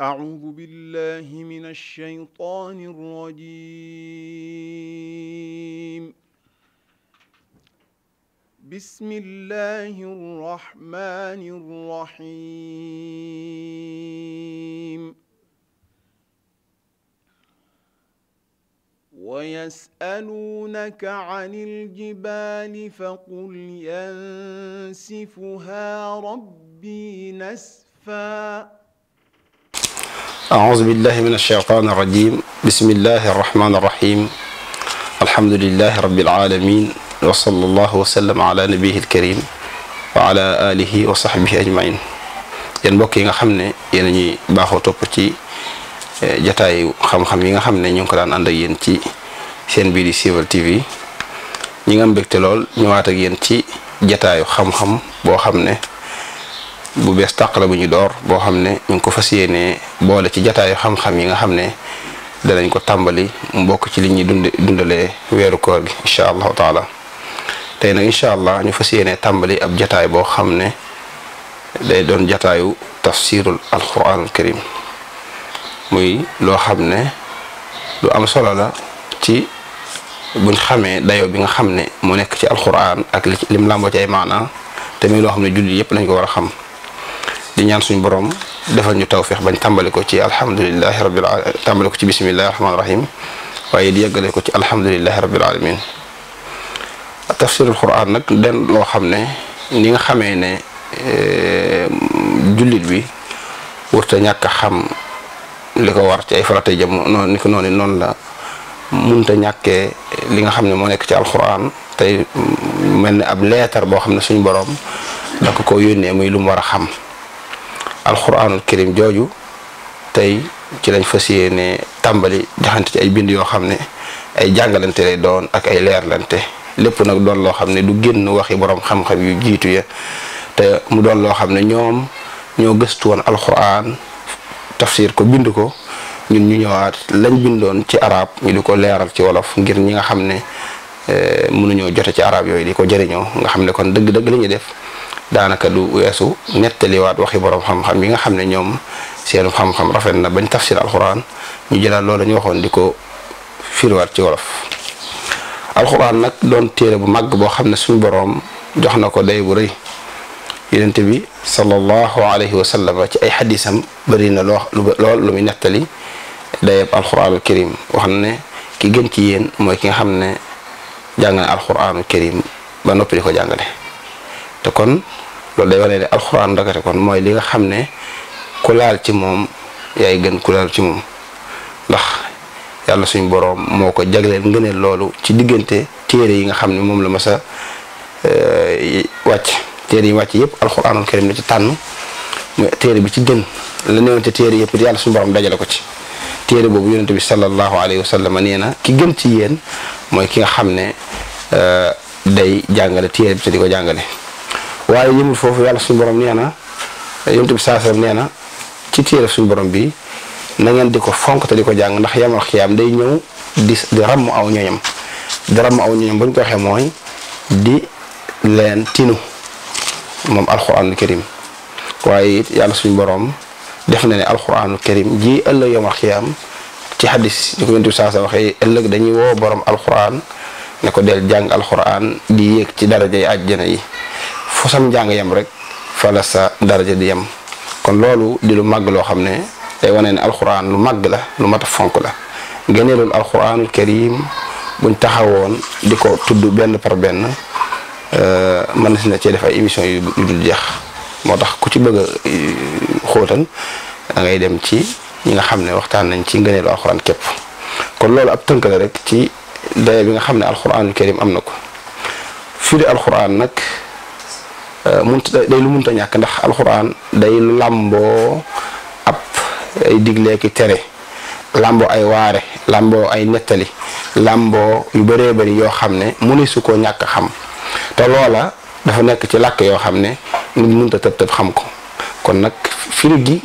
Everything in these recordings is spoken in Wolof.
أعوذ بالله من الشيطان الرجيم بسم الله الرحمن الرحيم ويسألونك عن الجبال فقل ينسفها ربي نسفاً أعوذ بالله من الشيطان الرجيم بسم الله الرحمن الرحيم الحمد لله رب العالمين وصلى الله وسلم على نبيه الكريم وعلى آله وصحبه أجمعين ينبوكي يعني خمنا يعني باخو توبتي جتاي خم خم ينغ خمنا ينكو دان أندي ينتي سين بيدي سيفر تي في ينغم بكتلول نواتك ينتي جتاي خم خم بو خمنا bu bees tàq la bu ñu door boo xam ne ñu ngi ko fas yéenee boole ci jataayu xam-xam yi nga xam ne danañ ko tàmbali mbokk ci li ñuy dund dundalee weeru koor gi incha allahu taala tey nag incha allah ñu fas yéenee tàmbali ab jataay boo xam ne day doon jataayu tafsirul alquranul karim muy loo xam ne lu am solo la ci buñ xamee dayo bi nga xam ne mu nekk ci alquran ak li lim làmboo ci ay maanaa te muy loo xam ne julli yépp lañ ko war a xam di ñaan suñu boroom defal ñu tawféex bañ tàmbali ko ci alhamdulilahi rabbil alamin tàmbali ci bismillahi rahmaani rahim waaye yëggalee ko ci alhamdulilahi rabbil alamin tafsirul quran nag den loo xam ne ni nga xamee ne eh, jullit bi wurta xam li ko war ci ay faratay jëm noonu noonu noonu la munta ñàkkee li nga xam ne moo nekk ci alquran tey mm, mel ne ab leetar boo xam ne suñu borom da ko ko yónnee muy lu mu war a xam alquranul karim kirim tay ci lañ fassiyene tambali tàmbali ci ay bind yo xamne ay jangalante lay doon ak ay leerlante lepp nak doon lo xamne du genn waxi borom xam-xam yu jitu ya te mu doon lo xamne ñoom ñoo gëstu alquran tafsir ko bind ko ñun ñu ñëwaat lañ bindoon ci arab ñu diko leral ci wolof ngir ñi nga xam ne eh, jotté ci arab yoy di ko jëriñoo nga xam kon dëgg-dëgg li ñu def daanaka du weesu nettaliwaat waxi boroom xam-xam yi nga xam ne ñoom seenu xam-xam rafet na bañ tafsir alxuraan ñu jëlaat lool ñu waxoon di ko firiwaat ci wolof. alxuraan nag doon téere bu màgg boo xam ne suñu boroom jox na ko day bu rëy yonent bi sallallahu alayhi wa sallam ci ay xadisam bëri na loo lool lu muy nettali dayeb alxuraanul karim wax ne ki gën ci yéen mooy ki nga xam ne jàng na alxuraanul karim ba noppi di ko jàngale. te kon loolu day wane ne alxuraan ndakate kon mooy li nga xam ne ku laal ci moom yaay gën ku ci moom ndax yàlla suñu boroom moo ko jagleel ngëneel loolu ci diggante téere yi nga xam ne moom la mas a eh, wàcc téere yi wàcc yëpp alxuraanul karim la ci tànn mu téere bi ci gën la newoon te téere yëpp yàlla suñu boroom dajale ko ci téere boobu yonente bi sallallahu alayhi wa sallam nee na ki gën ci yéen mooy ki nga xam ne eh, day jàngale téere bi te di ko jàngale waye yëmul fofu yalla suñu borom neena na bi saasam neena ci téere suñu borom bi na ngeen diko ko fonk te diko ko ndax yamal xiyaam day ñew di di ràmm aw ñoyam di ram aw ñoyam buñ ko waxee moy di leen tinu mom alxuraanul karim waye yalla suñu borom def na ne alxuraanul karim ji ëllëg yamal xiyam ci hadith di ko yonent saasam waxe waxee ëllëg dañuy wo borom alquran ne ko del jang alquran di yek ci daraaje yi yi fosam njàng yam rek fa la sa daraja di yam kon loolu di lu màgg hamne, xam ne day wane ne alquran lu màgg la lu mat a fonk la alquranul karim buñ di ko tudd benn par benn euh, mën na cee def ay émission yu dul jeex moo tax ku ci bëgg a euh, xóotal da ngay dem ci ñi nga xam ne waxtaan nañ ci ngëneelu alquran képp kon loolu ab tënk la rek ci daye bi nga xam alquranul karim am ko fi di alquran Euh, mun day lu munta ñàkk ndax alxuraan day làmboo ab ay digleeki tere làmboo ay waare làmboo ay nettali làmboo yu bare bari yoo xam ne mu ne su ko ñàkk xam te loola dafa nekk ci làkk yoo xam ne nit munta tëb tëb xam ko kon nag firi gi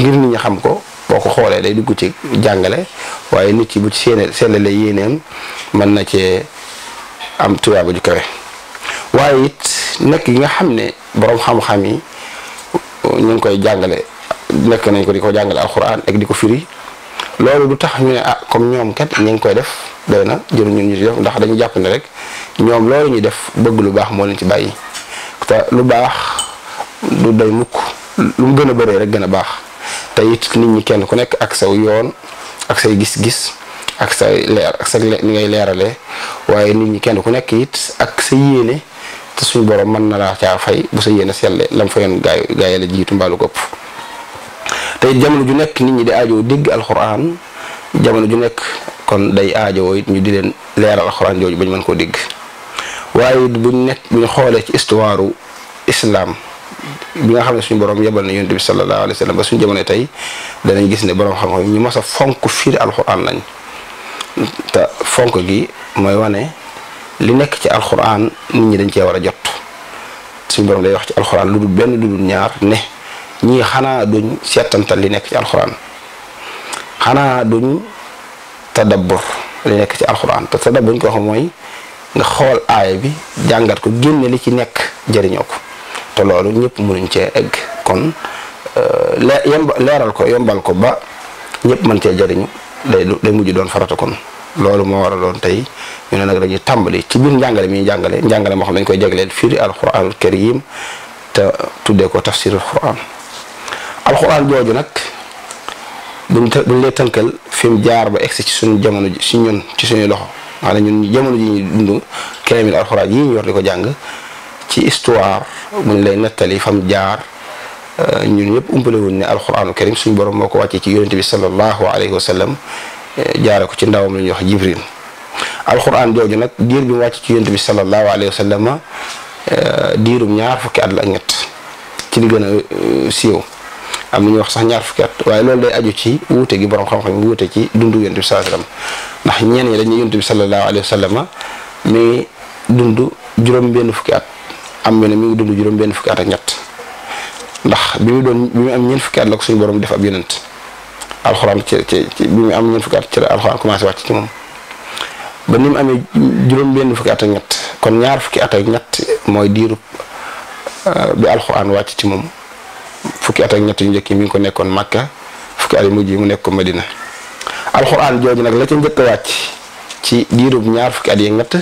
ngir nit ñi xam ko boo ko xoolee day dugg ci jàngale waaye nit ci bu ci seen seetlalee yéeneem mën na cee am tuyaaba ju kawe waaye it nekk yi nga xam ne boroom xam-xam yi uh, ñu ngi koy jàngale nekk nañ ko di ko jàngale alxuraan ak di ko firi loolu du tax ñu ne ah comme ñoom kat ñu ngi koy def doy na jëru ñun ñu ndax dañu jàpp ne rek ñoom loolu ñu def bëgg lu baax moo leen ci bàyyi te lu baax du day mukk lu gën a bëree rek gën a baax te it nit ñi kenn ku nekk ak saw yoon ak say gis-gis ak say leer ak sa li ngay leerale waaye nit ñi kenn ku nekk it ak sa yéene te suñu borom man na la ca fay bu sa yene selle lam fa yon gaay gaay la jitu mbalu gop tay jamono ju nek nit ñi di aajo deg alquran jamono ju nek kon day aajo it ñu di len leral alquran joju bañ man ko deg waye bu nek bu buñ ci histoire islam bi nga xamne suñu borom yebal na yonent bi sallallahu alaihi wasallam ba suñu jamono tey danañ gis ne borom xam-xam ñu massa fonku fiir lañ ta fonku gi moy wane li nek ci alquran nit ñi dañ cee wara jot suñu borom day wax ci alquran lu ben lu dul ñaar ne ñi xana duñ seetantal li nek ci alquran xana duñ tadabbur li nek ci alxuraan te tadabbur ñu ko wax moy nga xol ay bi jangat ko génne li ci nekk jëriñoo ko te lolu ñepp mënuñ cee egg kon euh, leeral ko yombal ko ba ñepp mën cee jëriñu day day mujj doon farata kon loolu moo war doon tey ñu ne nag dañuy tàmbali ci biir njàngale mi ñuy jàngale njàngale moo xam dañu koy jagleel firi alquranul karim te tuddee ko tafsirul quran alquran jooju nag buñ buñ lay tënkal fi mu jaar ba egsi ci suñu jamono ji si ci suñu loxo maanaam ñun jamono ji ñu dund kaamil alquran yi ñu yor di ko jàng ci histoire buñ lay nettali fa mu jaar euh, ñun ñëpp umpale wuñ ne alquranul karim suñu borom moo ko wàccee ci yonente bi sallallahu alayhi wa sallam jaare ko ci ndaw la ñuy wax jibril alquran jooju nag diir bi mu wàcc ci yonent bi sallallahu alayhi wa sallam eh, diirum ñaar fukki at la ak ñett ci li gën a eh, siiw am na wax sax ñaar fukki waaye loolu day aju ci wuute gi borom xam-xam wuute ci dundu yonent bi sallallahu alayhi ndax ñenn ñi dañuy yonent bi sallallahu alayhi wa sallam mi dund juróom-benn fukki at am ñu ne mi ngi dund juróom-benn fukki at ak ñett ndax bi mu doon bi mu am ñeent fukki at la ko suñu borom def ab yonent alxuraan ci ci ci bi mu am ñeent fukki at ci la alxuraan commencé wàcc ci moom ba ni mu amee juróom-benn fukki at ak ñett kon ñaar fukki at ak ñett mooy diirub bi alxuraan wàcc ci moom fukki at ak ñett yu njëkk yi mi ngi ko nekkoon Makka fukki at yu mujj yi mu nekk ko Medina alxuraan jooju nag la ca njëkk a wàcc ci diirub ñaar fukki at yi ñett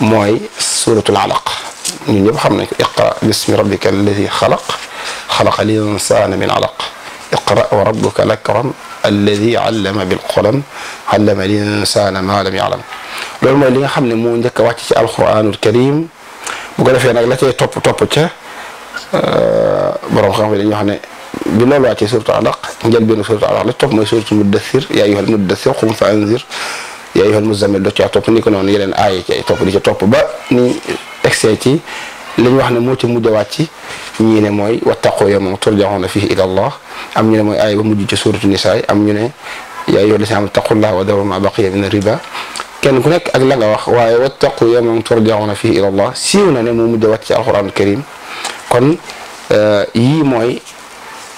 mooy suuratul alaq ñun ñëpp xam nañ ko iqra bismi rabbika alladi xalaq xalaqa al insana min alaq iqra wa rabbuka lakram alladi allama bilqolam allama linsana ma lam yaalam loolu mooy li nga xam ne moo njëkk a wàcc ci alquranul karim bu ko defee nag la cay topp topp ca euh, borom xam-xam dañuy wax ne bi loolu wàccee suratu alaq njëlbéenu suratu alaq la topp mooy suratu muddathir yaa ayyuhal muddathir qum fa anzir yaa ayyuhal muzammil do caa topp ni ko noonu yeneen aaya ci ay topp di ca topp ba ni egsee ci لن يحن موت مدواتي نينا موي واتقوا يوم ترجعون فيه إلى الله أم نينا موي آية بمجي جسورة النساء أم نينا يا أيها الذين آمنوا اتقوا الله وذروا ما بقي من الربا هناك أقل لك واتقوا يوم ترجعون فيه إلى الله سيونا نمو مدواتي على القرآن الكريم كان آه يي موي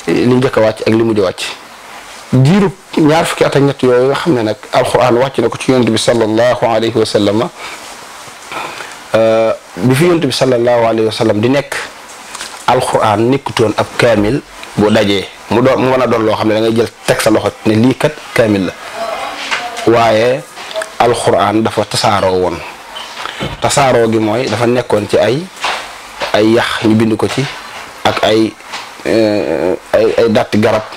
لنجاك واتي أقل مدواتي ديرو نعرف كي أتنجت يوم نحن نك القرآن واتي نكتين بصلى الله Eh, bi fi yonent bi sallallahu alaihi wasallam di nek alquran nekkutoon ab Kamil bu dajé mu do mu wana a lo xamné da ngay jël teg sa loxo ne li kat kamil la wayé alquran dafa tasaro won tasaro gi mooy dafa nekkon ci ay ay yah ñu bind ko ci ak ay eh, ay ay dat garab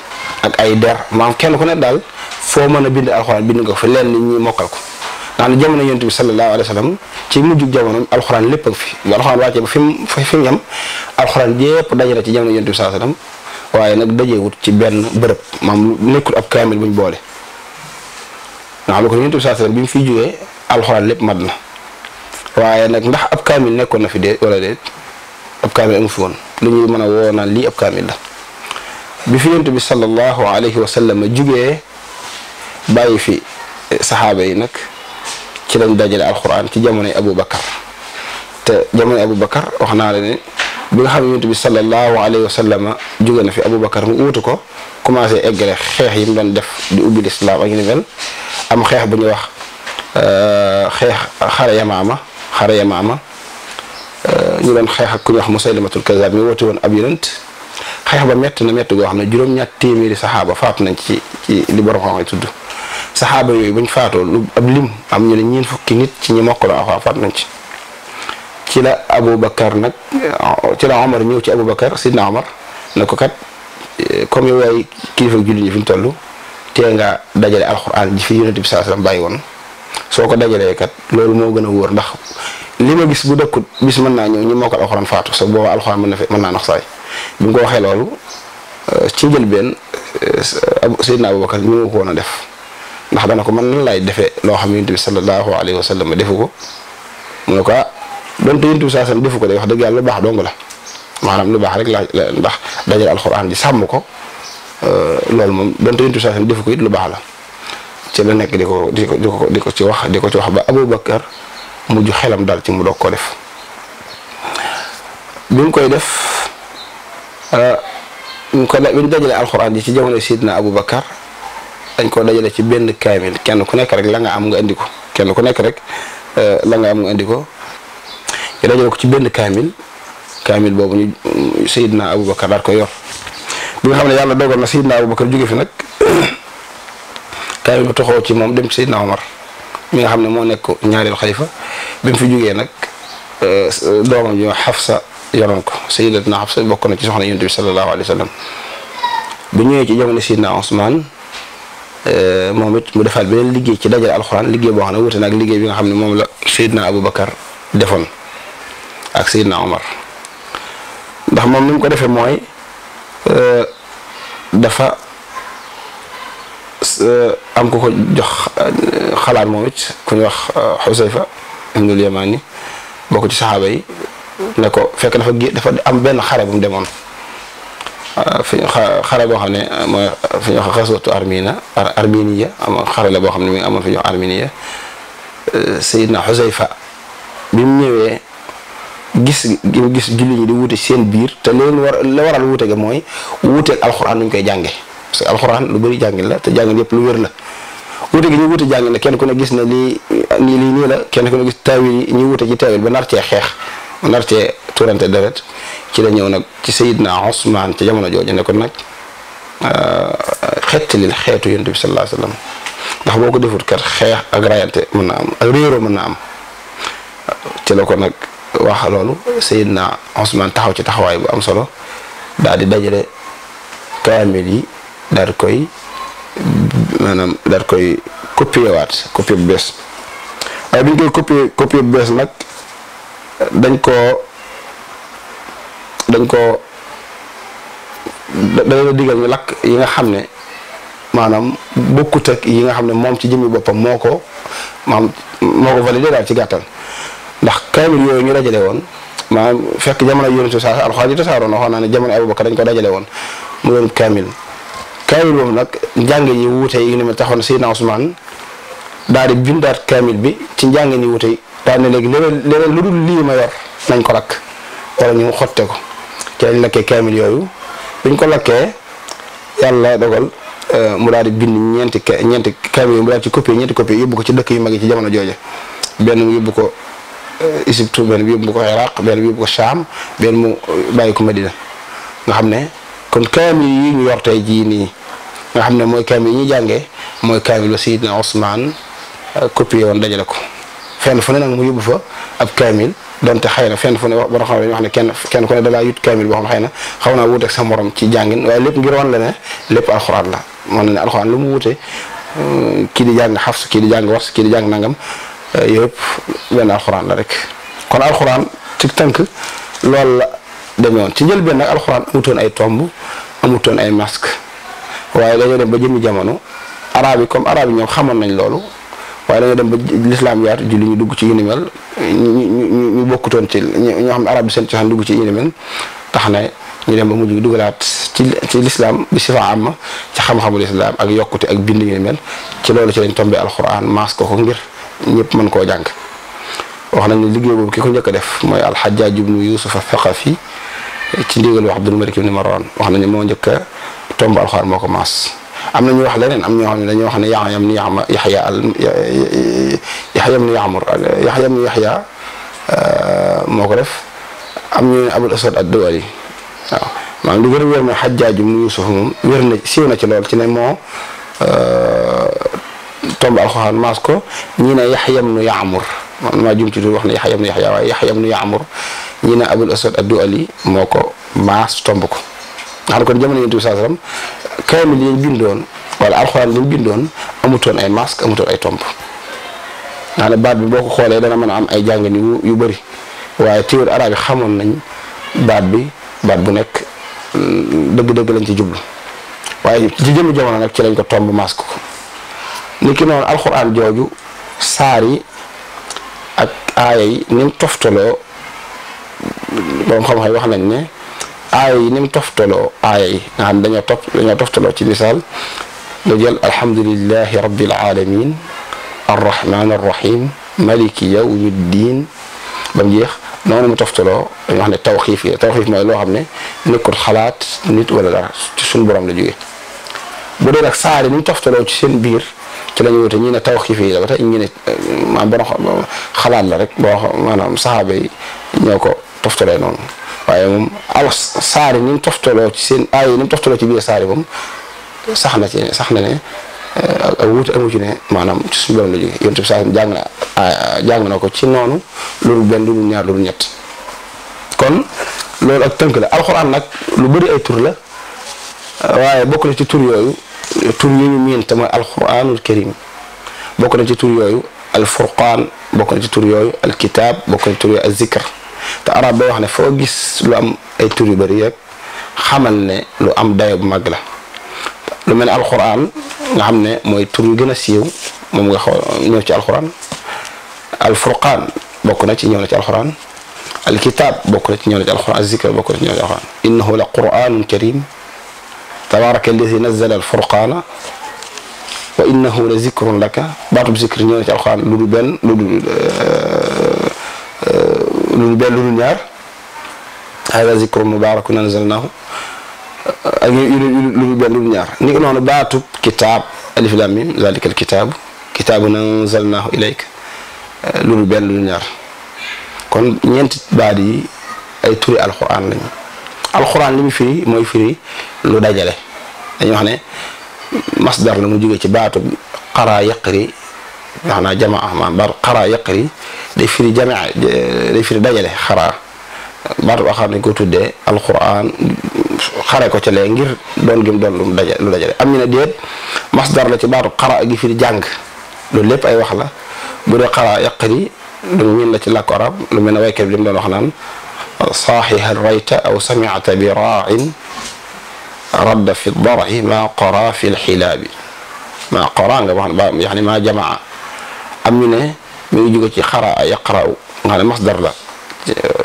ak ay der man kenn ku ne dal fo meuna bind alquran bind nga fa lenn ñi mokal ko ndax jamono yonent bi sallallahu alayhi wa ci mujjug jamono alxuraan lépp ak fi bu fi mu fi mu yem alxuraan yépp ci jamono yonent bi sallallahu waaye nag dajeewut ci benn bërëb maam nekkul ab kaamil buñ boole nga xam ne kon yonent bi sallallahu alayhi wa bi mu fiy jógee alxuraan lépp mat na nag ndax ab kaamil nekkoon na fi déet wala déet ab a woo naan lii ab kaamil la bi fi yonent bi sallallahu alayhi wa jugee bàyyi fi saxaaba yi nag ci lañ dajale alxuraan ci jamono jamonoy bakkar te jamono Aboubacar bakkar waxna la ne bi nga xam ne sallallahu alayhi wa sallam jóge na fi bakkar mu uutu ko commencé eggale xéx yi mu doon def di ubbi l'islam ak ñu mel am xéx bu ñu wax euh xéx xara yamama xara yamama euh ñu doon xéx ak ku ñu wax musaylimatul kazzab mi wutu won ab yonent xéx ba metti na metti go xam juróom-ñatt téeméeri sahaba faatu nañ ci ci li borom xam tuddu saxaaba yooyu buñ faatoo lu ab lim am ñu ne ñeen fukki nit ci ñi mokk la wax faat nañ ci ci la Aboubacar nag ci la Omar ñëw ci abu Aboubacar sidna Omar na ko kat comme yow yaay kilifa julli ñi fi ñu toll tee nga dajale alxuraan ji fi yonent bi sallallahu alayhi wasallam woon soo ko dajalee kat loolu moo gën a wóor ndax li ma gis bu dëkkut bis mën naa ñëw ñi mokkal alxuraan faatu so booba alxuraan mën na fe mën naa nax saay bi mu ko waxee loolu ci njëlbeen Seydina Aboubacar ñu ngi ko woon a def ndax dana ko man nan laay defee loo xam ne yonent bi sallallahu alayhi wa sallam defu ko mu ne ko ah defu ko day wax dëgg yàlla lu baax dong la maanaam lu baax rek la ndax dajal alxuraan ji sàmm ko euh, loolu moom donte yonent bi saa sam defu ko it lu baax la ci la nekk di ko di ko di ko ci wax di ko ci wax ba Aboubacar mujj xelam daal ci mu doog ko def bi koy def. ñu euh, ko la bi ñu dajalee alxuraan ji ci jamono abu Aboubacar. dañ koo dajale ci benn kaamil kenn ku nekk rek la nga am nga andiko kenn ku nekk rek la nga am nga andiko ko ñu dajale ko ci benn kaamil kaamil boobu ñu Seydina Aboubacar daal ko yor bi nga xam ne yàlla dogal na Seydina Aboubacar jóge fi nag kaamil bi toxoo ci moom dem ci Seydina Omar mi nga xam ne moo nekk ñaareel xalifa bi mu fi jógee nag doomam ñu Xafsa yoroon ko Seydatna Xafsa bokk na ci soxna Yonent bi sallallahu alayhi wa sallam bu ñëwee ci jamono Seydina Ousmane moom it mu defaat beneen liggéey ci dajale alxuraan liggéey boo xam ne wuute na ak liggéey bi nga xam ne moom la Seydina Aboubacar defoon ak Seydina Omar ndax moom ni mu ko defee mooy dafa am ko ko jox xalaat moom it ku ñuy wax Xusayfa ibnul Yamaani bokk ci saxaaba yi ne ko fekk dafa dafa am benn xare bu mu demoon. fi xare boo xam ne euh, mooy fi ñuy wax xaswatu armina arminiya am xare la boo xam ne mi ngi amoon fi ñuy wax arminiya euh, sayidna xusayfa bi mu ñëwee gis gis julli ñi di wuti seen biir te leen war la waral wute ga mooy wuteeg alxuraan nuñ koy jànge parce lu bëri jàngin te jàngin yëpp lu wér la wute gi ñu wute jàngin kenn ku ne gis na lii nii lii la kenn ku ne gis taawil yi ñu wute ci taawil ba nar xeex nar cee deret ci la ñew nak ci sayyidna usman ci jamono jooju ne ko nag euh, xettalil xeetu yonent bi sallallahu alayhi wasallam ndax boko defut kat xex ak rayante mëna am ak réeroo mëna am ci la ko nak wax lolu sayyidna usman taxaw ci taxaway bu am solo dal di dajale kaamil yi daal koy manam daal koy copier wat copier bes ay waaye bi koy copier copier bes nak dañ ko dañ koo da leen a digal ñu lakk yi nga xam ne maanaam bokkut ak yi nga xam ne moom ci jëmmi boppam moo ko maam moo ko validé daal ci gàttal ndax kaamil yooyu ñu dajale woon maanaam fekk jamono yonent saa alxuraan ji tasaaroon waxoon naa ne jamono Abubakar dañ ko dajale woon mu doon kaamil kaamil boobu nag njàng yi wuute yi taxoon Seydina Ousmane daal di bindaat kaamil bi ci njàng yi wuute daan legi léegi leneen leneen lu ma yor nañ ko lakk wala ñu xotte ko ci lañ lakkee kaamil yooyu biñ ko ke yàlla dogal euh, mu daal di bind ñeenti ñeenti kaamil mu daal ci copie ñeenti copie yóbbu ko ci dëkk yu mag yi ci jamono jooje benn mu yóbbu ko euh, Égypte benn bi yóbbu ko Iraq benn bi yóbbu ko Cham benn mu euh, bàyyi ko Madina nga xam kon kaamil yi ñu yor tey ji ni nga xam ne mooy yi ñu jàngee mooy kaamil ba Seydina Ousmane copié woon ko fenn fu ne nag mu yóbbu fa ab kaamil donte xëy na fenn fu ne borom xam ne wax ne kenn kenn ku ne dalaa yut kaamil boo xam xëy na xaw naa wuuteeg sa morom ci jàngin waaye lépp ngir wan la ne lépp alxuraan la mën na ne alxuraan lu mu wuute mm, kii di jàng xafs kii di jàng wars kii jàng nangam eh, yëpp benn alxuraan la rek kon alxuraan ci tënk loolu la demee woon ci njëlbeen benn alxuraan amutoon ay tomb amutoon ay masque waaye dañoo dem ba jëmi jamono arab yi comme arab ñoom xamoon nañ loolu waaye dañoo dem ba lislaam yaatu julli ñu dugg ci yu ni ñu ñu bokkutoon ci ñoo xam ne arab bi seen cosaan dugg ci yu tax na ñu dem ba mujj dugalaat ci ci lislaam bi si fa am ci xam-xamu lislaam ak yokkute ak bind yu ni mel ci loolu ci lañ tombé alquran maas ko ko ngir ñëpp mën koo jàng wax nañ ne liggéey boobu ki ko njëkk def mooy alxajaaj ibnu a althaqafi ci ndigal wax abdul malik ibnu marwan wax nañu moo njëkk a tomb alxuraan moo ko maas am na ñu wax leneen am ñoo xam ne dañuy wax ne yaxya ibn yaxma yaxya al yaxya ibn yaxmur yaxya ibn yaxya moo ko def am ñu ne abul asad ad dawali waaw maanaam lu gën a wér mooy xajjaaju mu yusuf moom wér na siiw na ci lool ci ne moo tomb alxuraan maas ko ñi ne yaxya ibn yaxmur man maa jum ci tur wax ne yaxya ibn yaxya waaye yaxya ibn yaxmur ñi ne abul asad ad dawali moo ko maas tomb ko nga xam kon jamono yonent bi sallallahu alayhi wasallam kaamil ñu bindoon wala alxuraan yi ñu bindoon amutoon ay masque amutoon ay tomb ne baat bi boo ko xoolee dana mën a am ay jàngat yu yu waaye téere arab yi xamoon nañ baat bi baat bu nekk mm, dëgg-dëgg lañ ci jublu waaye ci jëmm jamono nag ci lañ ko tomb masque ko ni ki noonu alxuraan jooju saar yi ak aaya yi ni mu toftaloo xam-xam wax nañ ne ay yi ni mu toftaloo aaya yi nga xam dañoo topp dañoo toftaloo ci misaal nga jël alhamdulilahi rabbil alamin arrahman arrahim maliki yawmi ddin ba mu jeex noonu mu toftaloo dañu wax ne tawxiif yi tawxiif mooy loo xam ne nekkul xalaat nit wala dara ci suñu borom la jógee bu dee nag saari ci seen biir ci la ñu wute ñi ne tawxiif yi la ba tey ñi ne maanaam borom xalaat la rek boo maanaam saxaaba yi ñoo ko toftalee noonu waaye moom al saari ni mu toftaloo ci seen aay ni mu toftaloo ci biir saari moom sax na ci sax na ne ak wuute amu ci ne maanaam ci suñu borom la jóge yonent bi saasam jàng na jàng na ko ci noonu loolu benn loolu ñaar loolu ñett kon loolu ak tënk la alxuraan nag lu bëri ay tur la waaye bokk na ci tur yooyu tur yi ñu miin te mooy alxuraanul karim bokk na ci tur yooyu alfurqaan bokk na ci tur yooyu alkitaab bokk na ci tur yooyu alzikr te arab day wax ne gis lu am ay tur xamal ne lu am dayo bu mag la lu mel ne alxuraan nga xam ne mooy tur yu gën a siiw moom nga xaw ñëw ci alxuraan alfurqaan bokk na ci ñëw na ci alxuraan alkitab bokk na ci ñëw na ci alxuraan azikr bokk na ci ñëw na ci la quraanun karim tabaraka lu du benn euh, lu benn lu ñaar haaza zikrun mubaarakun anzalnaahu ak lu benn lu ñaar ni ko noonu baatub kitaab alif laam miim zaalika alkitaabu yi ay turi alxuraan li mu firi mooy firi lu dajale dañuy wax ne masdar la mu jógee ci baatub qaraa yaqri wax naa jamaa maanaam baat qaraa yaqri ديفري جامع ديفري دجال خرا مر اخر نكو تودي القران خرا كو تي لنجير دون جيم دون لو دجال امنا ديت مصدر لا تي بار قرا جي في جانغ لو ليب اي واخ لا بودي قرا يقري لو مين لا تي لا قرب لو مين واي كيف لي دون واخ نان صاحي هل ريت او سمعت براع رد في الضرع ما قرا في الحلاب ما قران يعني ما جمع امنا mi ngi jóge ci xaraa yaqra'u nga xam ne masdar la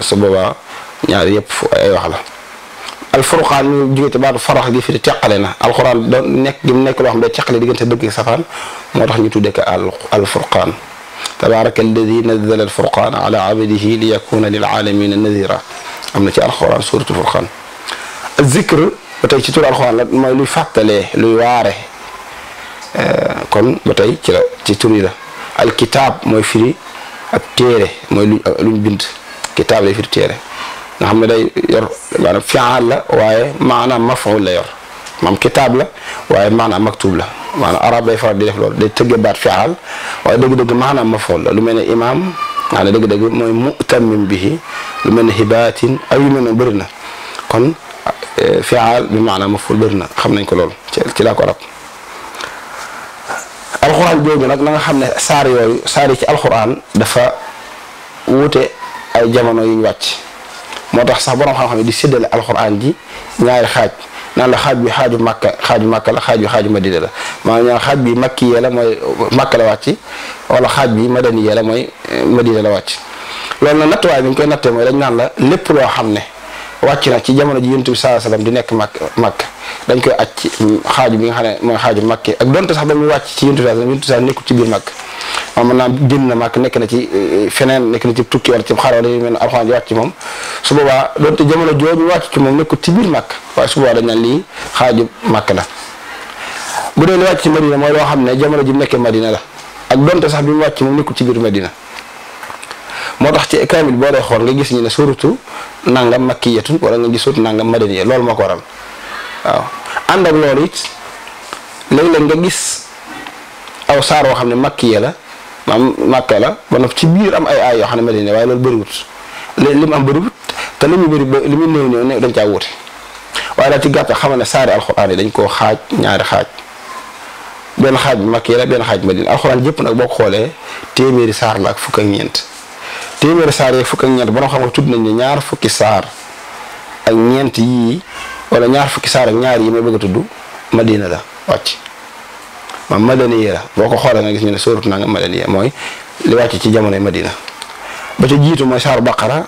su boobaa ñaari yëpp ay wax la alfurqaan mi jóge ci baatu farax gi firi teqale na alxuraan doon nekk gi mu nekk loo xam ne teqale diggante dëgg ak safaan moo tax ñu tuddee ko al alfurqaan tabaraka alladi nazala alfurqaan ala abdihi li yakuna lil alamina nadira am na ci alxuraan suratu furqaan zikr ba tey ci tur alxuraan la mooy luy fàttalee luy waare kon ba tey ci la ci tur yi la الكتاب موي فري اب تيري موي لوم بنت كتاب لي فري تيري نعم داي يور مانام فعال لا واي معنى مفعول لا يور مام كتاب لا واي معنى مكتوب لا معنى عرب لي فار دي ديف لول دي تيغي بات فعال واي دغ دغ معنى مفعول لا لو ميني امام معنى دغ دغ موي مؤتمن به لو ميني هبات او من برنا كون آه، فعال بمعنى مفعول برنا خم نكو لول تي لا كو alxuraan jooju nag na nga xam ne saar yooyu saar yi ci alxuraan dafa wuute ay jamono yu wàcc moo tax sax borom xam-xam yi di séddale alxuraan ji ñaari xaaj naan la xaaj bi xaaju makka xaaju makka la xaaj bi xaaju madina la maanaam ñaan xaaj bi makki yee la mooy makka la wàcc wala xaaj bi madani yee la mooy madina la wàcc loolu nag nattuwaay bi ñu koy nattee mooy dañ naan la lépp loo xam ne. wàcc na ci jamono ji yonent bi sallallahu alayhi di nekk màkk màkk dañ koy aj ci xaaju bi nga xam ne mooy xaaju màkke ak donte sax ba muy wàcc ci yonent bi sallallahu alayhi wasallam yonent bi sallallahu nekkul ci moom mën naa génn na màkk nekk na ci eh, feneen nekk na ci tukki wala ci xaar yu mel ne alxuraan ji moom su boobaa donte jamono jooju wàcc ci moom nekkul ci biir màkk waaye su boobaa dañ naan lii xaaju màkk la bu dee li wàcc ci madina mooy loo xam ne jamono ji mu nekkee madina la ak donte sax bi mu wàcc moom nekkul ci biir madina moo tax ci kaamil boo dee xool nga gis ñu ne suratu nangam makkiyatun wala nga gisul nangam madaniya loolu moo ko waral waaw ànd ak loolu it léeg nga gis aw saar woo xam ne makkiya la maam makka la ba noppi ci biir am ay aay yoo xam ne madaniya waaye loolu bëriwut li mu am bëriwut te li mu bëri ba mu néew néew ne dañ caa wuute waaye daal ci gàttal xamal saari alxuraan yi dañ koo xaaj ñaari xaaj benn xaaj bi makkiya la benn xaaj madina alxuraan yëpp nag boo xoolee téeméeri saar la ak fukk ak ñeent. téeméeri saar yeeg fukk ak ñeent borom xam nga tudd nañ ne ñaar fukki saar ak ñeent yii wala ñaar fukki saar ak ñaar yi may bëgg tudd madina la wàcc maam madaniya la boo ko xoolee nga gis ñu ne sóoratu naa nga mooy li wàcc ci jamonoy madina ba ca jiitu mooy saaru baqara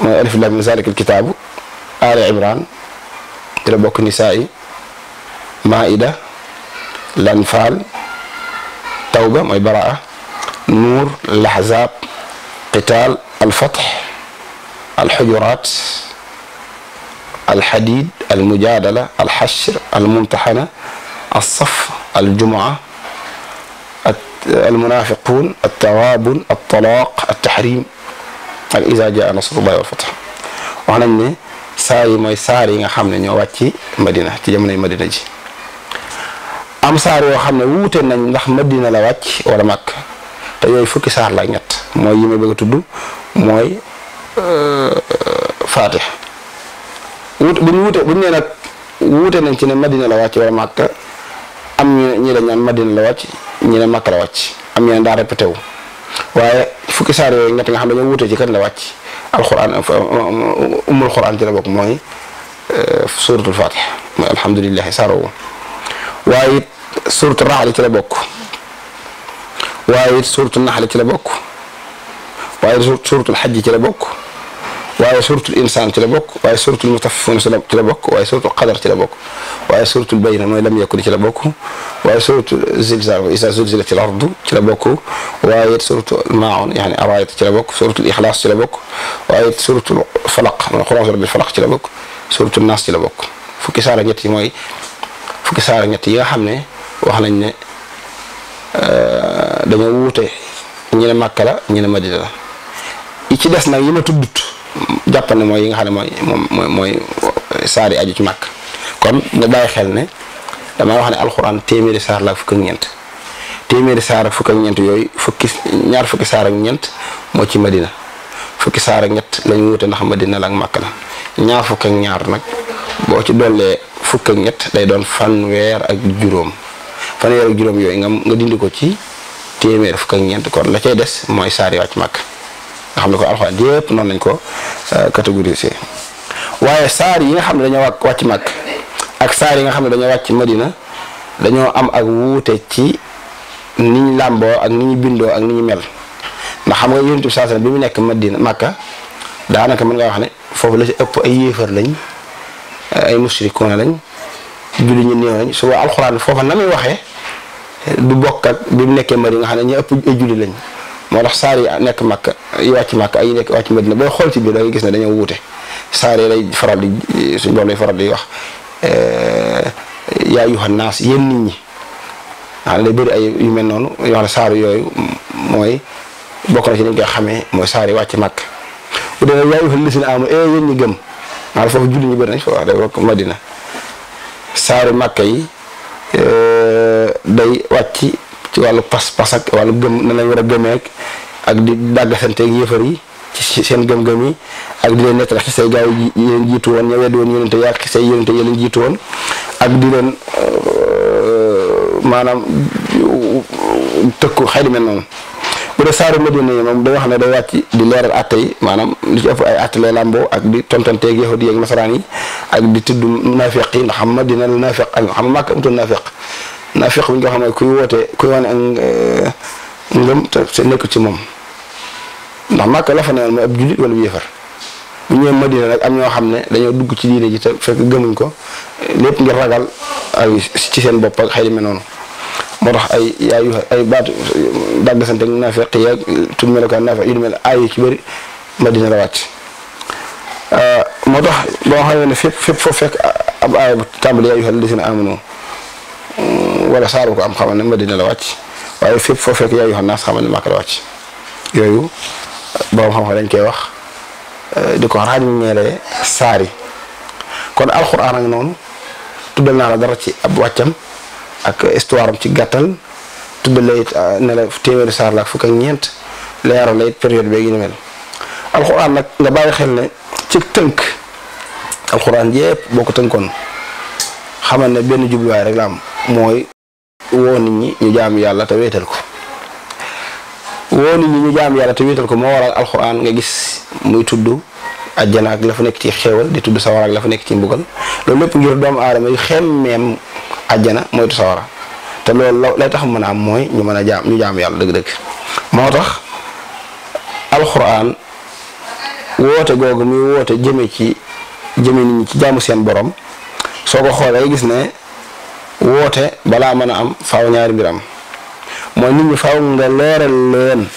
mooy alif lam zalika alkitaabu aali imran ci la bokk nisaa yi lanfaal tawba mooy baraa نور الأحزاب قتال الفتح الحجرات الحديد المجادلة الحشر الممتحنة الصف الجمعة المنافقون التغابن الطلاق التحريم إذا جاء نصر الله والفتح وانا ني ساي موي ساري nga xamne ño ñoo wàcc madina ci jamono medina ji am saar yoo xam ne nañ ndax medina la wàcc wala màkk te yooyu fukki saar la ñett mooy yi ma bëgg a mooy euh, faatix bu ñu wute bu nee nag wuute nañ ci ne madina la wàcc wala màkka am ñu ñi dañ naan madina la wàcc ñi ne màkka la wàcc am ñu ne daa répété waaye fukki saar yooyu ñett nga xam dañoo wute ci kan la wàcc alquran umul euh, quran ci la bokk mooy euh, suratul fatih ci la bokk وايد سورة النحل تلبوك وايد سورة الحج تلبوك وايد سورة الإنسان تلبوك وايد سورة المتففون تلبوك وايد سورة القدر تلبوك وايد سورة البين ما لم يكن تلبوك وايد سورة الزلزال إذا زلزلت الأرض تلبوك وايد سورة الماعون يعني أرايت تلبوك سورة الإخلاص تلبوك وايد سورة الفلق من القرآن بالفلق تلبوك سورة الناس تلبوك fukki saara ñett yi mooy fukki saara ñett yi nga xam ne wax nañ Euh, dañoo wuute ñu ne la ñu ne Madina la yi ci des nag yi ma tuddut jàpp ne mooy yi nga xam ne mooy moom mooy saar yi aju ci Màkka kon nga bàyyi xel ne dama wax ne alxuraan téeméeri saar la ak fukk ñeent téeméeri saar ak fukk yooyu fukki ñaar fukki saar ak ñeent moo ci Madina fukki saar ak ñett lañu wuute ndax Madina la ak Màkka la ñaar fukk ak ñaar nag boo ci dollee fukk ak day doon fanweer ak juróom. fanweer ak juróom yooyu nga nga dindi ko ci téeméer fukk ak ñeent kon la cay des mooy saari yi wàcc màkk nga xam ne ko alxuraan yëpp noonu lañ ko euh, catégoriser waaye saar yi nga xam ne dañoo wàcc wàcc màkk ak saar yi nga xam ne dañoo wàcc madina dañoo am ak wuute ci ni ñu làmboo ak ni ñu bindoo ak ni ñu mel ndax xam nga yonent bi saa bi mu nekk madina màkka daanaka mën nga wax ne foofu la si ëpp ay yéefar lañ ay musrikoona lañ julli ñu néew nañ foofa na muy waxee du bokk ak mu nekkee mari nga ne ñu ëpp ay moo tax saar yi nekk màkk yi wàcc màkk ay yi nekk wàcc madina booy xool ci biir da gis ne dañoo wuute saar lay faral di suñ borom lay faral di wax eh, yaa yuha naas yéen nit ñi xam ne day ay yu mel noonu yoo xam ne yooyu mooy bokk na ci ni ñu koy xamee mooy saar yi wàcc màkk bu dee yaa yuha lisina amu e eh, yéen ñi gëm maanaam foofu julli ñu bëri nañ foofu wax day bokk madina saari màkka yi euh, day wàcc ci wàllu pas-pas ak wàllu gëm na war a gëmeek ak di dàggasante ak yëfar yi seen gëm-gëm yi ak di leen nettali xisay gaaw yi leen jiitu woon ña wedd woon yonente yi ak xisay yonente yi leen jiitu woon ak di leen euh, maanaam tëkku xay di noonu dee saaru medina yi mom day wax na day wacc di leral atay manam li ci ëpp ay atte lay ak di tontonteeg yahudi yeeg nasaraan ak di tuddu naafeq muhammadin al nafiq al muhammad lu nafiq ak xam màkk amutoon nga xam kuy woote kuy wone ak euh, ngëm te te nek ci mom ndax makka la fa neul mo ab julit wala yefar bu ñëwee medina nak am ño xam dañu dugg ci diine ji te fekk gëmuñ ko lepp ngir ragal ci seen bop ak xeyli na nonu moo tax ay yaayu ay baatu dàggasante naafeq yeeg tudd melokaan naafeq yu mel aay yi ci bëri madina la wàcc euh, moo tax boo xamee ne fépp fépp foofu fekk ab aaya bu tàmbali yaayu xel mm, ko am xamal ne madina la wàcc waaye fépp foofu fekk yaayu xel naas xamal ne màkk la wàcc yooyu boroom xam-xam dañ koy wax euh, di ko raaj mi ñeelee saari kon alxuraan ak noonu tuddal naa la dara ci ab wàccam ak histoire ci gatal tuddal la it ah, la téeméeri sar la fuk ak ñent léro lay période beeg ñu mel alxuraan nak nga baye xel ne ci teunk alxuraan yépp boko ko tënkoon xamal ne benn way rek la am moy wo nit ñi ñu jaam yalla ta wétal ko wo nit ñi ñu jaam yalla ta wétal ko mo waral alxuraan nga gis muy tuddu ajjana ak la fa nek ci xewal di tuddu sawara ak la fa nek ci mbugal lolou lepp ngir doom adamay yu xemmeem àjjana moytu sawara te loolu lay tax mën a am mooy ñu mën a jaam ñu jaam yàlla dëgg-dëgg tax alxuraan woote googu muy woote ci jëme nit ci jaamu seen borom soo ko xoolee gis ne woote balaa mën a am faaw ñaari mbir mooy nit ñi faaw nga leen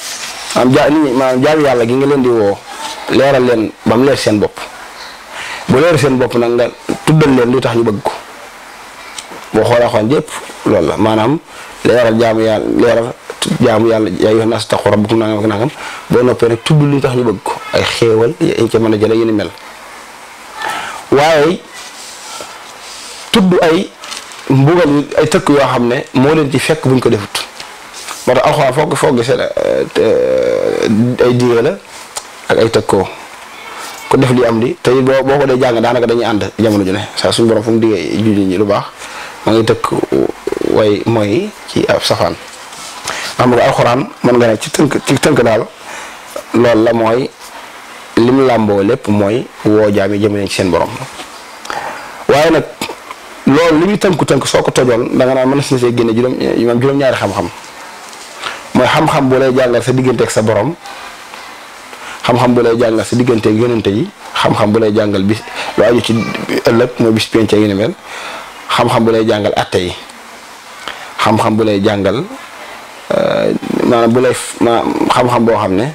yàlla gi nga leen di woo leeral leen ba mu leer seen bopp bu leer seen bopp nag nga tuddal leen lu tax ñu bëgg ko bo xoolee xol yëpp lol la manam leral jamu yalla leral jamu yalla ya yàlla yaa yor naa si nangam ak nangam bo noppee rek tuddu li tax ñu bëgg ko ay xéewal yi ci mëna jëlé jële mel waye tuddu ay mbugal ay tekk yo xam mo leen ci fekk buñ ko defut moo tax alxuraan foog foog sé ay diwe la ak ay tëkkoo ko def li am li tay boko day jang da naka dañuy and jamono ju ne sa suñu borom fu mu diggee juju ñi lu baax ma ngi tëkk way mooy ci ab safaan xam nga alxuraan mën nga ne ci tënk ci tënk daal loolu la mooy lim làmboo lépp mooy woo jaam yi jëme leen ci seen borom waaye nag lool li ñu tënku-tënk soo ko tojoon da nga naan mën a see génne juróom juróom-ñaari xam-xam mooy xam-xam bu lay jàngal sa digganteeg sa borom xam-xam bu lay jàngal sa digganteek yonente yi xam-xam bu lay jàngal bis lu aju ci ëllëg mooy bis penc yi ni xam-xam bu lay jangal atay xam-xam bu lay euh manam bu lay xam-xam bo xamne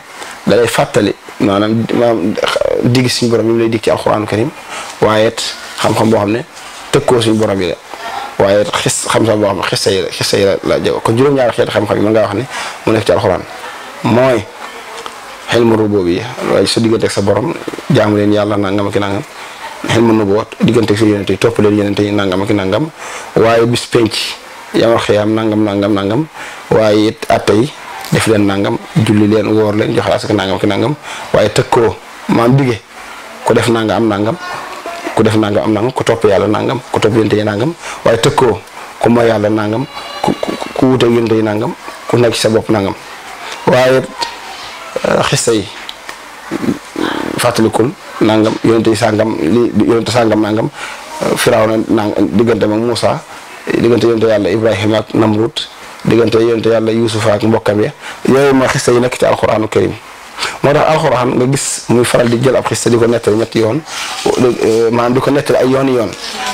da lay fatali manam maanaam digg suñu borom lay dig ci alxuraan karim waye xam-xam bo xamne tekkoo suñu borom yi la xiss xam-xam bo xamne ne xisa yi la la jago kon juroom ñaar xet xam-xam ma nga wax ni mu nek ci alxuraan moy xel rububiyya way su digge tek sa borom jaamu len yalla nangam ak nangam xel mën na bu wat diggante si yonente yi topp leen yonente yi nangam ak nangam waaye bis penc yamal xiyaam nangam nangam nangam waaye it atte def leen nangam julli leen woor leen joxe asaka nangam ak nangam waaye tëkkoo maam dige ku def nangam am nangam ku def nangam am nangam ku topp yàlla nangam ku topp yonente yi nangam waaye tëkkoo ku mooy yàlla nangam ku ku wuteeg yonente yi nangam nekk sa bopp nangam waaye euh, xista yi fàttalikul nangam yonent yi sàngam li yonent sàngam nangam Firawna nangam diggante ak Moussa diggante yonent yàlla Ibrahima ak Namrut diggante yonent yàlla Yuusufa ak mbokkam ya yooyu ma xista yi nekk ci alxuraanu karim moo tax alxuraan nga gis muy faral di jël ab xista di ko nettali ñetti yoon maanaam di ko nettali ay yoon yoon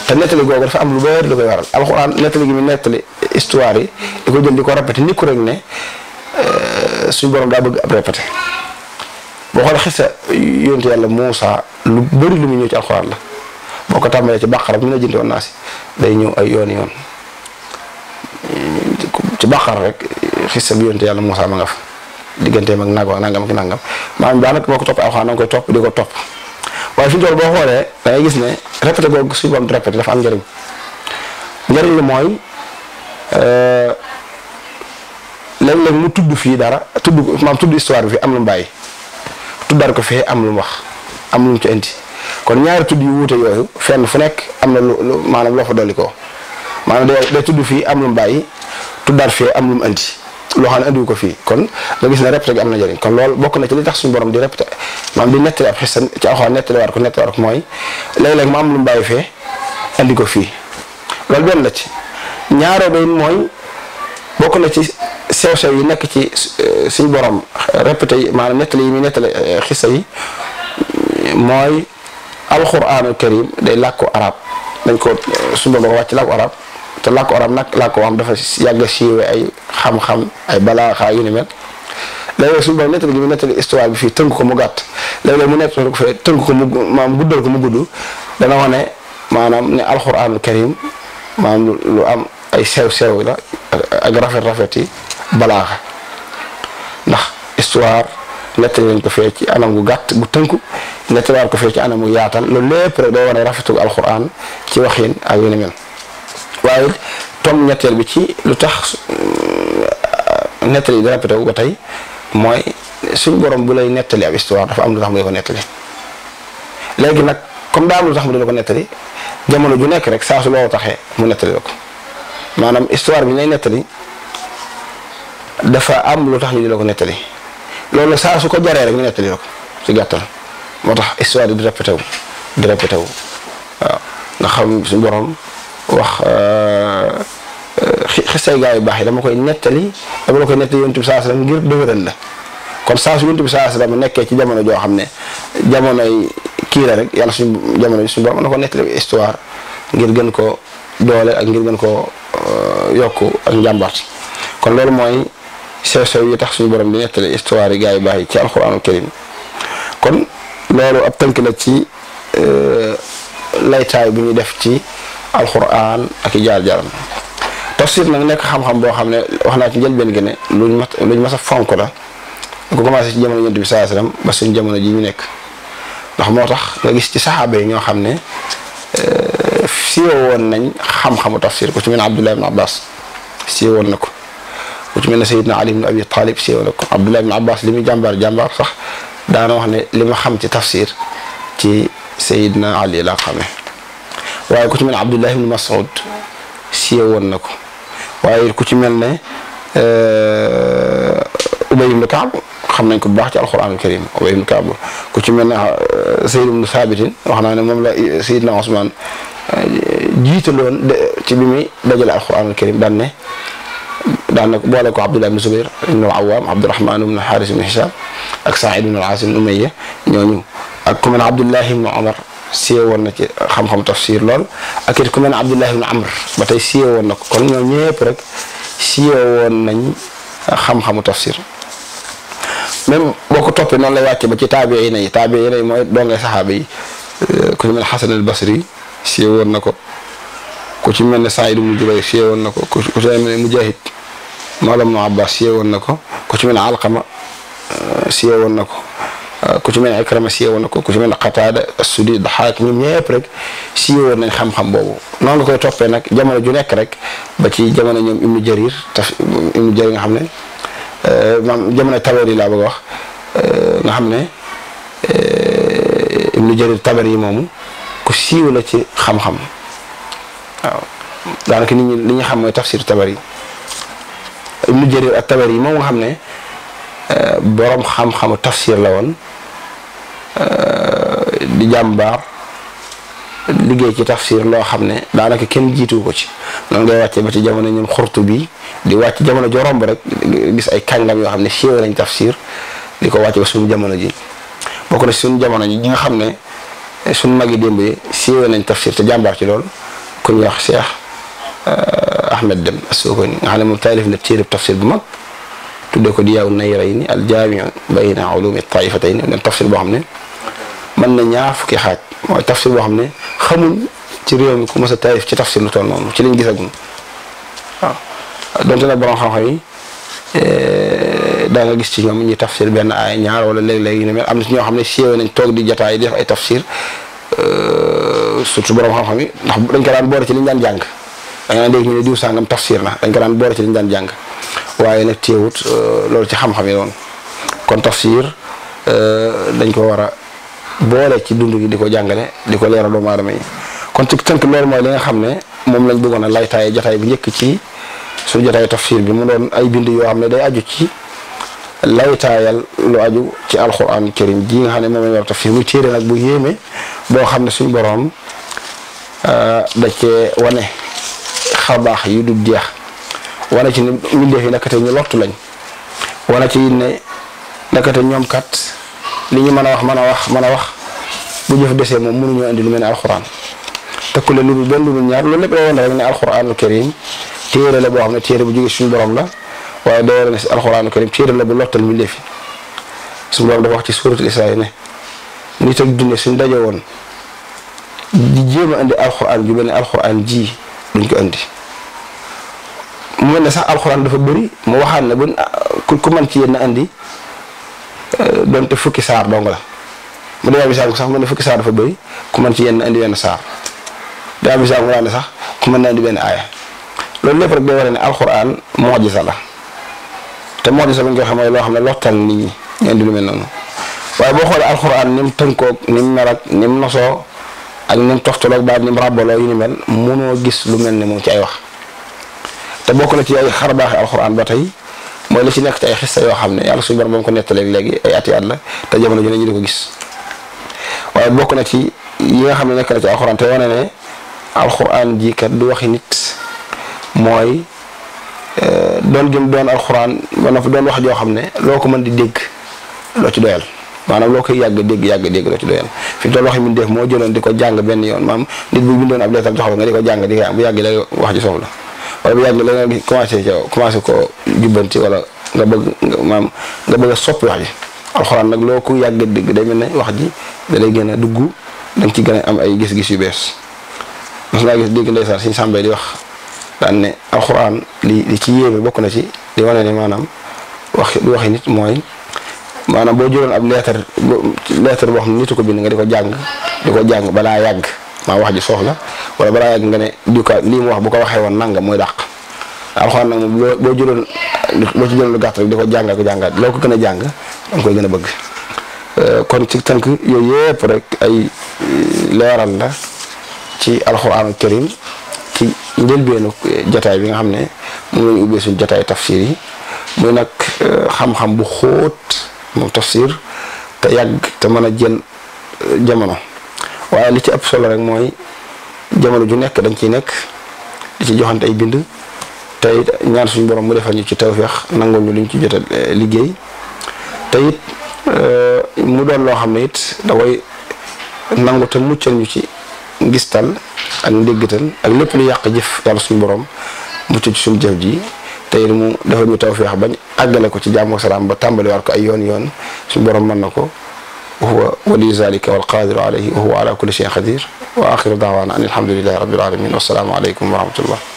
te nettali googu dafa am lu bëri lu koy waral alxuraan nettali gi mu nettali histoire yi di ko jël di ko répété ni ku rek ne eh, suñu borom daa bëgg ab répété boo xoolee xisa yonte yàlla Muusa lu bëri lu mu ñëw ci alxuraan la boo ko tàmbalee ci bàqara bi mu ne jënte naa si day ñëw ay yoon yoon ci bàqara rek xisa bi yonte yàlla Muusa ma nga fa digganteem ak nagoo nangam ak nangam maanaam daanaka boo ko toppee alxuraan da nga koy topp di ko topp waaye fi ñu boo xoolee da gis ne répété googu suñu borom di répété dafa am njëriñ njëriñ li mooy euh, léeg-léeg mu tudd fii dara tudd maam tudd histoire bi fi am lu mu tuddaat ko fee am lu mu wax am lu mu ci indi kon ñaari tudd yu wuute yooyu fenn fu nekk am na lu maanaam loo fa dolli ko maanaam day tudd fii am lu mu bàyyi tuddaat fee am lu mu indi loo xam ne andiwu ko kon nga gis ne répété gi na njëriñ kon loolu na ci li tax suñu borom di répété maanaam di nettali ab xisam ci alxuraan lu mu bàyyi andi ko fii loolu benn la ci ba mooy bokk na ci sew-sew yi nekk ci euh, suñ borom répété yi maanaam nettali yi muy nettali euh, xissa yi mooy alxuraanul karim day làkku arab dañ ko euh, suñu borom te làkku nag làkku am dafa yàgg a siiwe ay xam-xam ay balaaxa yu ni mel léeg-léeg nettali gi mu nettali histoire bi fii tënk ko mu gàtt léeg-léeg mu nettali ko mu maanaam guddal ko mu gudd dana wane maanaam ne alxuraanul karim maanaam lu am ay sew sew la ak rafet rafet yi balaaxa ndax histoire nettali nañ ko fee ci anam gu gàtt bu tënku nettalaat ko fee ci anam gu yaatal loolu lépp rek doo wane rafetug alxuraan ci waxin ak yu ni waaye tom ñetteel bi ci lu tax mm, nettali yi dara répété wu tey mooy suñ borom bu lay nettali ab histoire dafa am lu tax mu di ko nettali nag comme daa tax mu di ko nettali jamono ju nekk rek saa su loolu taxee mu nettali ko maanaam histoire bi ñu lay nettali. dafa am lu tax ñu di la ko nettali loolu saa su ko jaree rek ñu nettali la ko ci gàttal moo tax histoire bi di répété wu di répété wu waaw nga xam suñu borom wax euh, xisay gaa yu baax yi dama koy nettali dama la koy nettali yonent bi saa sallam ngir kon saa su yonent bi saa sallam nekkee ci jamono joo xam ne jamonoy kii la rek yàlla suñu jamono bi suñu borom na ko nettali histoire ngir gën ko doole ak ngir gën ko euh, yokk ak njàmbaat kon loolu mooy sew sew yi tax suñu borom di nettali histoire yi gaa yu baax yi ci alxuraanu karim kon loolu ab tënk la ci euh, laytaay bu ñuy def ci alxuraan ak i jaar-jaaram tafsir nag nekk xam-xam boo xam ne wax naa ci njëlbeen gi ne luñ mat luñ mas a fonk la ko commencé ci jamono yonent bi saa ba suñ jamono ji ñu nekk ndax moo tax nga gis ci saxaaba yi ñoo xam ne euh, siiwe woon nañ xam-xamu tafsir ku ci mel ne Abdullah ibn Abbas woon na ko bu ci mel ne Seydina Ali ibn Abi Talib siiw na ko Abdullah ibn Abbas li muy jàmbaar jàmbaar sax daana wax ne li ma xam ci tafsir ci Seydina Ali laa xamee waaye ku ci mel ne Abdullah ibn Mas'ud siiwoon na ko waaye ku ci mel ne Ubay ibn Kaab xam nañ ko bu baax ci alxuraan karim Ubay ibn Kaab ku ci mel ne Zayd ibn Thaabit wax naa ne moom la Seydina Usmaan jiitaloon ci bi muy dajale alxuraan karim daan ne لأن بوالك عبد الله بن زبير إنه عوام عبد الرحمن بن حارث بن هشام أك سعيد بن العاص بن أمية نيونيو أك من عبد الله بن عمر سيوانا خم خم تفسير لول أكيد كمان عبد الله بن عمر باتي سيوانا كل نيو نيب رك سيوانا خم خم تفسير من بوكو توبي نون لياكي باتي تابعين اي تابعين اي مويت دون صحابي كل من حسن البصري سيوانا كو كل من سعيد بن جبير سيوانا كو كل من مجاهد Mawlaana Ibnu Abbaas siyee woon na ko ku ci mel ne Alqama uh, siyee woon na ko uh, ku ci mel ne Ikrama siyee woon na ko ku ci mel ne Qataada Sudi Daxaak ñoom ñëpp rek siyee woon nañ xam-xam boobu noonu nga koy toppee nag jamono ju nekk rek ba ci jamono ñoom Ibnu Jarir taf Ibnu Jarir nga xam ne uh, maam jamono Tabari laa bëgg a wax nga xam ne Ibnu Jarir Tabari moomu ku siiw la ci xam-xam waaw daanaka nit ñi li ñu xam mooy tafsir Tabari. ibnu jarir ak tabari yi moom nga xam ne euh, boroom xam-xamu tafsir la woon euh, di jàmbaar liggéey ci tafsir loo xam ne daanaka kenn jiitu ko ci noonu ngay wàcce ba ci jamono ñoom xurtu bi di wàcc jamono joo romb rek gis ay kàngam yoo xam ne siiwee nañ tafsir di ko wàcce ba suñu jamono ji bokk na suñu jamono ji ñi nga xam ne suñu mag yi démb yi siiwee nañ tafsir te jàmbaar ci loolu ku wax seex أحمد دم السوكوني على مختلف نبتير بتفسير بمط تدكو دياو نيريني الجامع بين علوم الطائفتين من تفسير بوحمني من نياف كي حاج تفسير بوحمني خمون تريو مكو مسا تعرف تي تفسير نتوان نون تي لين جيساقون آه. دونت انا بران خان خاني إيه، دا نا غيس تي نيوم ني تفسير بن اي نيار ولا ليغ ليغ ني امنا نيو خامني سيو نين توك دي جتاي دي اي تفسير إيه، سوتو بروم خان خاني دا نكران بور تي لين da nga dégg ñu ne tafsir na dañ ko daan boole ci liñ daan jàng waaye nag téewut euh, loolu ci xam-xam yi noonu kon tafsir euh, dañ ko war a boole ci dund gi di ko jàngale di ko leeral doomu aadama kon ci tënk loolu mooy li xam ne moom lañ bëggoon a laytaaye jotaay bu njëkk ci su jotaay tafsir bi mu doon ay bind yoo xam ne day aju ci laytaayal lu aju ci alquran karim ji nga xam ne moom lañ war a tafsir muy téere nag bu yéeme boo xam ne suñ boroom euh, da cee wane xabaax yu du jeex wala ci ne def yi nekkate ñu lottu lañ wala ci ne nekkate ñom kat li ñu mëna wax mëna wax mëna wax bu jëf desee mënu ñu andi lu mëna alquran ta ku le lu ben lu ñaar lu lepp rewon rek ne alxuraanul karim téere la bo xam ne téere bu jóge suñu borom la waye day wane ne alxuraanul karim téere la bu lottal mi suñu borom da wax ci ne nit ak di jema andi alquran ju ben alquran ji duñ ko andi mu mel sax alcorane dafa beuri mu waxaan na buñ ku man ci yenn andi euh, donte fukki sar dong la mu demee misaal sax mu ne fukki sar dafa beuri ku man ci yenn andi yenn sar daa misaal wala ne sax ku man na andi ben aya lolou lepp rek do wane ne alxuraan mojisa la te mojisa bi nga xamay lo loo lo ne lottal nit ñi ñu andi lu mel noonu waye bo xol alcorane nim mu tënkoog ni mu nar ak ni mu toftaloog baat ni mu ràbbaloo yu ni mel munoo gis lu mel ni moom ci ay wax te bokk na ci ay xarbaaxi alxuraan ba tey mooy la ci nekk ci ay xista yoo xam ne yàlla suñu borom ba mu ko nettalee léegi ay ati at te jamono ji ne ñu di ko gis bokk na ci yi nga xam ne nekk na ci alxuraan te wane ne alxuraan ji kat du waxi nit mooy eh, doon gëm doon alxuraan ma doon wax joo xam ne loo ko mën di dégg loo ci doyal. manam lo yag deg yag deg la ci doyal fi do waxi min def mo jëlon diko jang ben yoon maam nit bu bindon ab leetal taxaw nga diko jang jàng di ko bu yag la wax ci soxla wala bu yag la nga commencé ci commencé ko jubanti wala nga bëgg maam nga bëgg sopp wax ji alquran nak loo yag deg dégg day mel wax ji da lay gën dugg dang ci gëna am ay gis-gis yu bes mas la gis dégg ndeysaan suñ sàmbee di wax dan ne alquran li ci yéme bokku na ci di wone ni manam wax du waxi nit moy maanaam boo jëloon ab leetar leetar boo xam ne nitu ko bind nga di ko jàng di ko balaa yàgg maa wax ji soxla wala balaa yàgg nga ne du ko lii mu wax bu ko waxee woon nangam mooy dàq alxuraan nag moom loo boo jëloon ci jëloon lu gàtt rek jàngal ko jàngaat loo ko gën a jàng danga koy gën bëgg euh, kon ci tank yooyu yëpp rek ay euh, leeral la ci alxuraan karim ci njëlbeenu euh, jotaay bi nga xam ne moom la ñu ubbee jotaay tafsir yi muy nag xam-xam bu xóot mo tafsir ta yag ta mën a jën eh, jamono waye li ci ëpp solo rek moy jamono ju nekk dañ ci nekk di ci joxante ay bind tay ñaar suñu borom mu defal ñu ci tawféex nangul ñu liñ ci jotal liggey eh, liggéey te eh, mu doon lo xamne it da way nangu muccal ñu ci ngistal ak ndéggatal ak lepp lu yaq jëf yalla suñu borom mucc ci suñu jëf ji تيرمو دافا ني توفيخ باج اغالكو سي جامو سلام با تامبالي وارك اي يون يون سي بروم مان نكو هو ولي ذلك والقادر عليه وهو على كل شيء قدير واخر دعوانا ان الحمد لله رب العالمين والسلام عليكم ورحمه الله